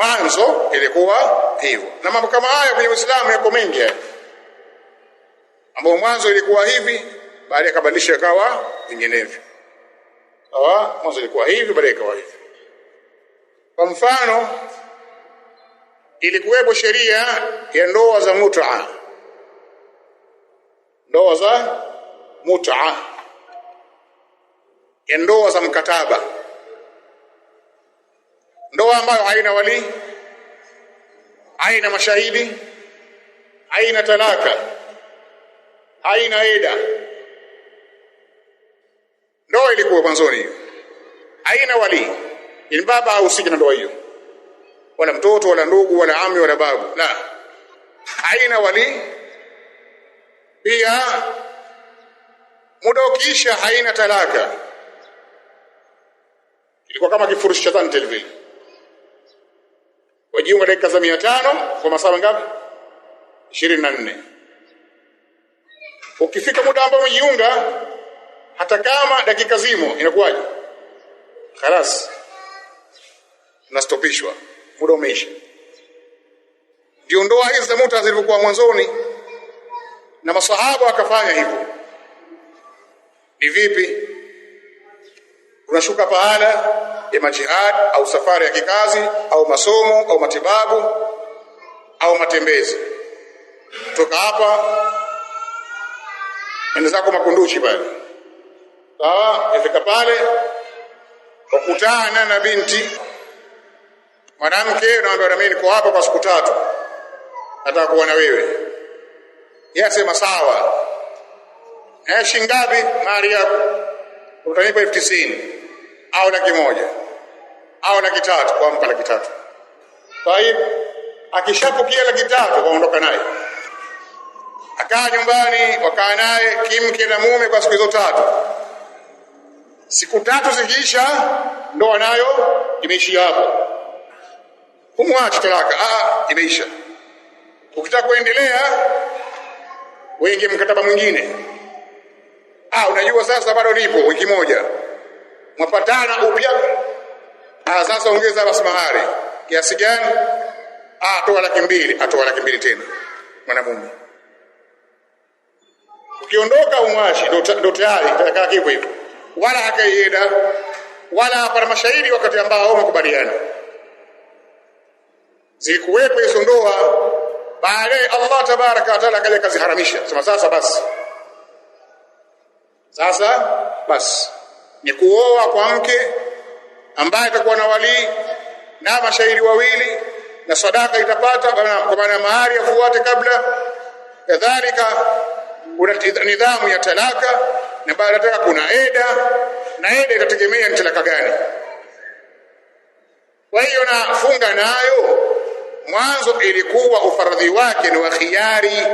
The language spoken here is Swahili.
Mwanzo ilikuwa hivyo, na mambo kama haya kwenye Uislamu yako mengi, ambapo mwanzo ilikuwa hivi, baada akabadilisha ikawa vinginevyo. Sawa, mwanzo ilikuwa hivi, baada ikawa hivi. Kwa mfano, ilikuwepo sheria ya ndoa za mut'a, ndoa za muta ya ndoa za mkataba dawa ambayo haina walii haina mashahidi haina talaka haina eda ndoa ilikuwa mwanzoni hiyo haina wali ni baba hahusiki na ndoa hiyo wala mtoto wala ndugu wala ami wala babu la haina walii pia muda ukiisha haina talaka ilikuwa kama kifurushi cha tantele vile wajiunga dakika za mia tano kwa masaa ngapi? ishirini na nne. Ukifika muda ambao umejiunga, hata kama dakika zimo, inakuwaje? Khalas, nastopishwa, muda umeisha. Ndio ndoa hizi za muta zilivyokuwa mwanzoni, na masahaba wakafanya hivyo. Ni vipi? Unashuka pahala ima majihad au safari ya kikazi au masomo au matibabu au matembezi. Toka hapa nenda zako Makunduchi pale, sawa. Ifika pale wakutana na binti mwanamke, unaambia na niko hapa kwa siku tatu, nataka kuwa na wewe. Yeye asema sawa. Eh, shingapi mahari yako? Utanipa elfu tisini au laki moja au laki tatu, mpa laki tatu. Tayib, akishapokea laki tatu kaondoka naye, akaa nyumbani, wakaa naye kimke na mume kwa siku hizo tatu. Siku tatu zikiisha, ndoa nayo imeishia hapo, humwachi talaka. Ah, imeisha. Ukitaka kuendelea, wengi mkataba mwingine. Ah, unajua sasa bado nipo wiki moja, mwapatana upya Ah, sasa ongeza basi mahari kiasi gani? Ah, toa laki mbili. Atoa ah, laki mbili tena mwanamume. Ukiondoka umwashi, ndo tayari itakaa hivyo hivyo, wala hakaienda wala hapana mashahidi wakati ambao makubaliana zikuwepo hizo ndoa. Baadaye Allah tabaraka wataala akaja kaziharamisha, sema sasa basi, sasa basi ni kuoa kwa mke ambaye atakuwa na walii na mashairi wawili na sadaka itapata kwa maana mahari yafuate kabla. Kadhalika kuna nidhamu ya talaka, na baada ya talaka kuna eda, na eda itategemea ni talaka gani. Kwa hiyo na funga nayo mwanzo ilikuwa ufaradhi wake ni wa khiari